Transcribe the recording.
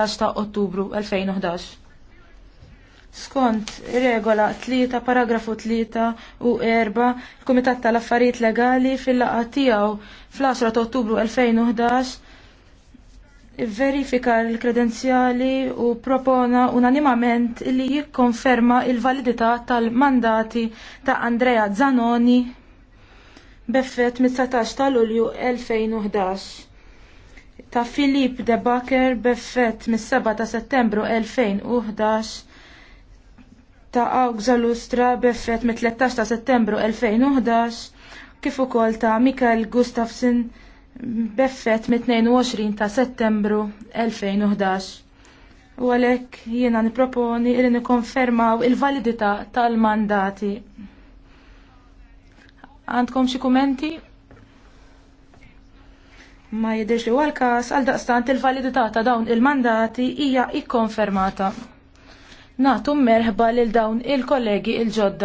15 ta' Ottubru 2011. Skont regola 3 paragrafu 3 u 4 il-Kumitat tal-Affarijiet Legali fil-laqgħa tiegħu fl-10 ta' Ottubru 2011 verifika l-kredenzjali u propona unanimament li jikkonferma il-validità tal-mandati ta' Andrea Zanoni beffet mit-19 ta' Lulju 2011 ta' Filip de Baker beffett mis-7 ta' settembru 2011 ta' Augza Lustra beffet mit-13 ta' settembru 2011 kif ukoll ta' Mikael Gustafsson beffet mit-22 ta' settembru 2011. U għalhekk jiena nipproponi li nikkonfermaw il-validità tal-mandati. Għandkom xi kumenti? Ma jidirx li għal-kas għal daqstant il-validità ta' dawn il-mandati hija ikkonfermata. Nagħtu merħba lil dawn il-kollegi il-ġodda.